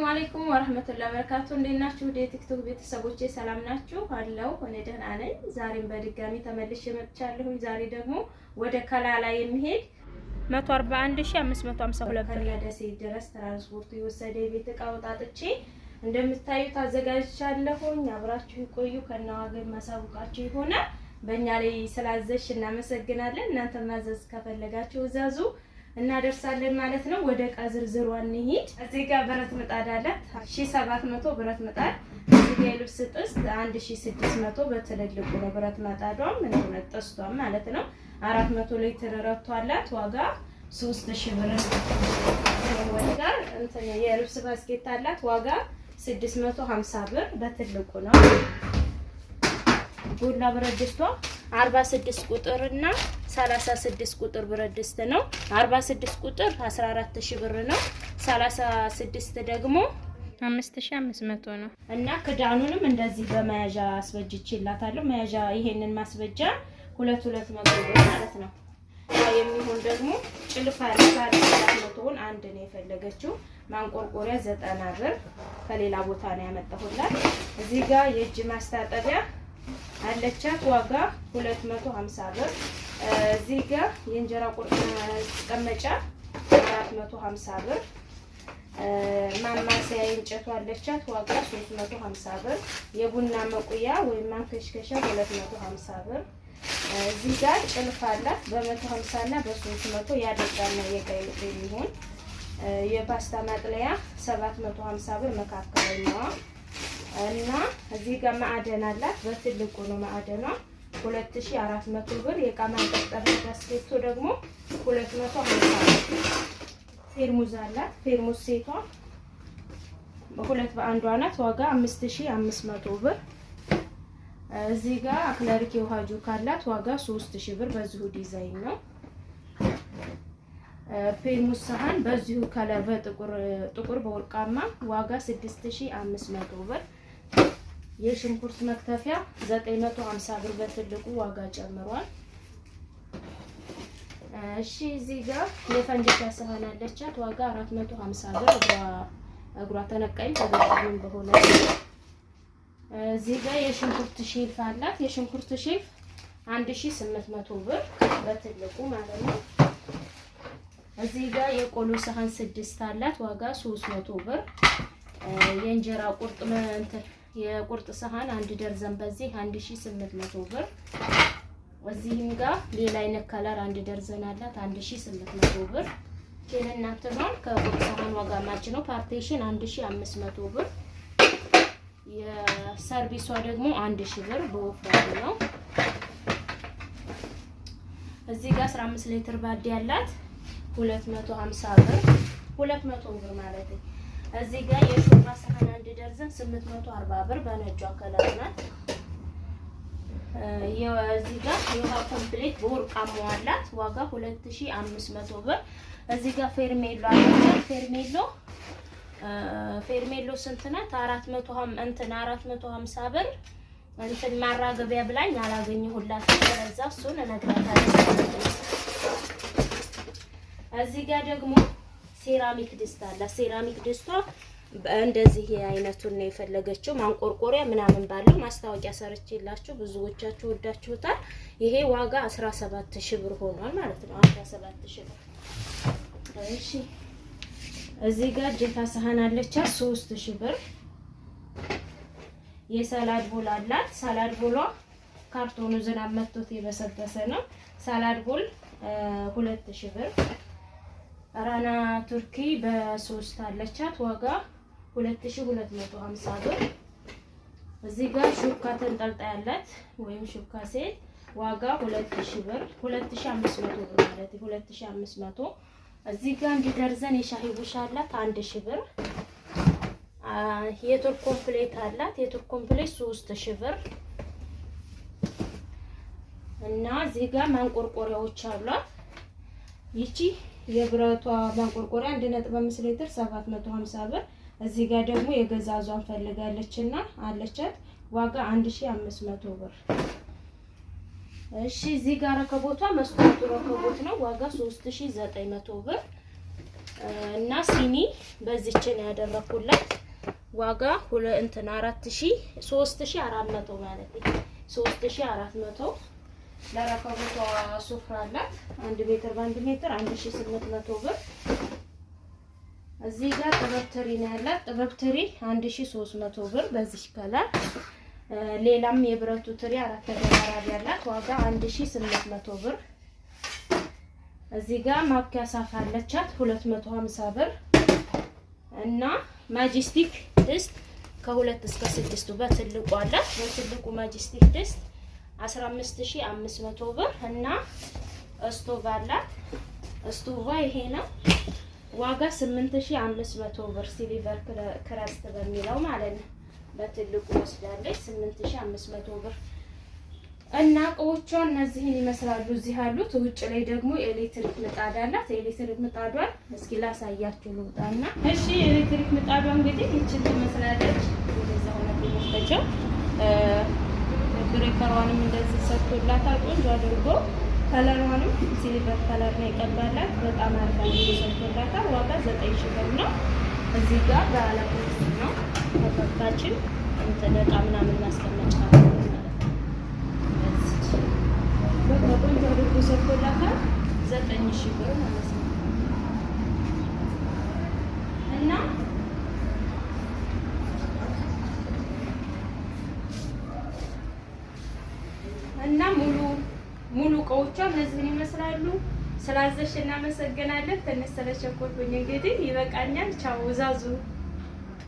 አሰላሙ አለይኩም ወረህመቱላሂ ወበረካቱ። እንዴት ናችሁ? ወደ ቲክቶክ ቤተሰቦቼ ሰላም ናችሁ? አለው እኔ ደህና ነኝ። ዛሬም በድጋሚ ተመልሼ መጥቻለሁ። ዛሬ ደግሞ ወደ ከላላ የሚሄድ 141552 ብር ደሴ ድረስ ትራንስፖርቱ የወሰደ የቤት እቃ ወጣጥቼ እንደምታዩት አዘጋጅቻለሁኝ። አብራችሁ ይቆዩ። ከነዋገን ማሳውቃችሁ ይሆናል። በእኛ ላይ ስላዘሽ እናመሰግናለን። እናንተ ማዘዝ ከፈለጋችሁ እዛዙ እናደርሳለን ማለት ነው። ወደ ዕቃ ዝርዝሯ እንሂድ። እዚህ ጋር ብረት ምጣድ አለ፣ 1700 ብረት ምጣድ። እዚህ ጋር የልብስ ጥስት 1600 በትልልቁ ነው ብረት ምጣዷም እንደሆነ ጥስቷም ማለት ነው። 400 ሊትር ረቶ ዋጋ 3000 ብር ጋር እንትን የልብስ ባስኬት አላት ዋጋ 650 ብር በትልቁ ነው። ቡላ ብረት ድስቷ 46 ቁጥርና 36 ቁጥር ብረት ድስት ነው። 46 ቁጥር 14 ብር ነው። 36 ደግሞ 5500 ነው እና ክዳኑንም እንደዚህ በመያዣ አስበጅቼላታለሁ። መያዣ ይሄንን ማስበጃ ሁለት ብር መቶ ማለት ነው። የሚሆን ደግሞ ጭልፋ ሪፋሪ አንድ ነው የፈለገችው። ማንቆርቆሪያ ዘጠና ብር ከሌላ ቦታ ነው ያመጣሁላት። እዚህ ጋር የእጅ ማስታጠቢያ አለቻት ዋጋ 250 ብር እዚህ ጋር የእንጀራ ቁርጥ ማስቀመጫ 450 ብር፣ ማማሰያ እንጨቱ አለቻት ዋጋ 350 ብር፣ የቡና መቁያ ወይም ማንከሽከሻ 250 ብር። እዚህ ጋር ጭልፋ አላት በ150 እና በ300 ያደጋና የቀይ የሚሆን የፓስታ ማጥለያ 750 ብር መካከለኛዋ እና እዚህ ጋር ማዕደን አላት በትልቁ ነው ማዕደኗ 4መቶ ብር። የዕቃ ማንጠልጠያ ባስኬቱ ደግሞ 250 ብር። ፌርሙዝ አላት። ፌርሙዝ ሴቷ በሁለት በአንዷ ናት። ዋጋ 5500 ብር። እዚህ ጋር አክለሪክ የውሃ ጆክ አላት። ዋጋ 3000 ብር። በዚሁ ዲዛይን ነው። ፌርሙዝ ሰሃን በዚሁ ከለር በጥቁር ጥቁር በወርቃማ ዋጋ 5መቶ ብር። የሽንኩርት መክተፊያ 950 ብር በትልቁ ዋጋ ጨምሯል። እሺ እዚህ ጋር የፈንዲሻ ሰሃን አለቻት ዋጋ 450 ብር እግሯ ተነቀኝ ተገጣሚም በሆነ እዚህ ጋር የሽንኩርት ሼልፍ አላት። የሽንኩርት ሼልፍ 1800 ብር በትልቁ ማለት ነው። እዚህ ጋር የቆሎ ሰሃን ስድስት አላት ዋጋ 300 ብር የእንጀራ ቁርጥ መንተፍ የቁርጥ ሰሃን አንድ ደርዘን በዚህ 1800 ብር። እዚህም ጋር ሌላ አይነት ከለር አንድ ደርዘን አላት 1800 ብር። ይሄን አትኗል ከቁርጥ ሰሃን ዋጋ ማች ነው። ፓርቴሽን 1500 ብር። የሰርቪሷ ደግሞ 1000 ብር በወፍራቱ ነው። እዚህ ጋር 15 ሊትር ባዲ ያላት 250 ብር 200 ብር ማለት ነው። እዚህ ጋር የሾርባ ሳህን አንድ ደርዘን 840 ብር በነጩ ከለር ናት። እዚህ ጋር የውሃ ኮምፕሌት በወርቃማው አላት ዋጋ 2500 ብር። እዚህ ጋር ፌርሜሎ አላት። ፌርሜሎ ፌርሜሎ ስንት ናት? 450 እንትን 450 ብር እንትን ማራገቢያ ብላኝ አላገኘሁላትም። ስለዛ እሱን እነግራታለሁ። እዚህ ጋር ደግሞ ሴራሚክ ድስት አላት። ሴራሚክ ድስቷ እንደዚህ አይነቱን ነው የፈለገችው። ማንቆርቆሪያ ምናምን ባለው ማስታወቂያ ሰርቼላችሁ ብዙዎቻችሁ ወዳችሁታል። ይሄ ዋጋ 17 ሺህ ብር ሆኗል ማለት ነው። 17 ሺህ ብር። እሺ እዚህ ጋር እጀታ ሰሃን አለቻ 3 ሺህ ብር። የሰላድ ቦል አላት። ሰላድ ቦሏ ካርቶኑ ዝናብ መጥቶት የበሰበሰ ነው። ሰላድ ቦል 2 ሺህ ብር ራና ቱርኪ በሶስት አለቻት ዋጋ 2250 ብር። እዚህ ጋር ሹካ ተንጠልጣ ያላት ወይም ሹካ ሴት ዋጋ 2000 ብር 2500 ብር ማለት 2500። እዚህ ጋር እንዲደርዘን የሻሂ ቡሻ አላት 1000 ብር። የቱርክ ኮምፕሌት አላት የቱርክ ኮምፕሌት 3000 ብር እና እዚህ ጋር ማንቆርቆሪያዎች አሏት ይቺ የብረቷ ማንቆርቆሪያ አንድ ነጥብ አምስት ሊትር ሰባት መቶ ሀምሳ ብር። እዚህ ጋር ደግሞ የገዛዟን ፈልጋለች እና አለቻት ዋጋ አንድ ሺ አምስት መቶ ብር። እሺ እዚህ ጋር ረከቦቷ መስታወቱ ረከቦት ነው። ዋጋ ሶስት ሺ ዘጠኝ መቶ ብር እና ሲኒ በዚችን ያደረኩላት ዋጋ ሁለ እንትን አራት ሺ ሶስት ሺ አራት መቶ ማለት ሶስት ሺ አራት መቶ ለረከቦቷ ሱፍራ አላት። አንድ ሜትር በአንድ ሜትር አንድ ሺህ ስምንት መቶ ብር። እዚህ ጋር ጥበብ ትሪ ነው ያላት። ጥበብ ትሪ አንድ ሺህ ሶስት መቶ ብር በዚህ ሌላም የብረቱ ትሪ አራት ተደራራቢ ያላት ዋጋ አንድ ሺህ ስምንት መቶ ብር። እዚህ ጋር ማብኪያ ሳፋ አለቻት ሁለት መቶ ሀምሳ ብር እና ማጅስቲክ ድስት ከሁለት እስከ ስድስቱ በትልቁ አላት። በትልቁ ማጅስቲክ ድስት 15500 ብር እና ስቶቭ አላት። ስቶቭ ይሄ ነው ዋጋ 8500 ብር ሲሊቨር ክረስት በሚለው ማለት ነው። በትልቁ ወስዳለች 8500 ብር እና እቃዎቿ እነዚህን ይመስላሉ። እዚህ አሉት። ውጭ ላይ ደግሞ ኤሌክትሪክ ምጣድ አላት። ኤሌክትሪክ ምጣዷን እስኪ ላሳያችሁ ልውጣና። እሺ ኤሌክትሪክ ምጣዷ እንግዲህ ይችን ትመስላለች። ወደዛ ሆነ ብሬከሯንም እንደዚህ ሰጥቶላታል። ቆንጆ አድርጎ ከለሯንም ሲልቨር ከለር ነው የቀባላት። በጣም አርጋ አድርጎ ሰጥቶላታል። ዋጋ ዘጠኝ ሺህ ብር ነው። እዚህ ጋር ባለ ነው ተፈታችን እንትን ዕቃ ምናምን ማስቀመጫ እና ሙሉ ሙሉ እቃዎቿ እነዚህን ይመስላሉ። ስላዘሽ እናመሰግናለን። ተነሰለሽ ኮርቶኝ እንግዲህ ይበቃኛል። ቻው እዛዙ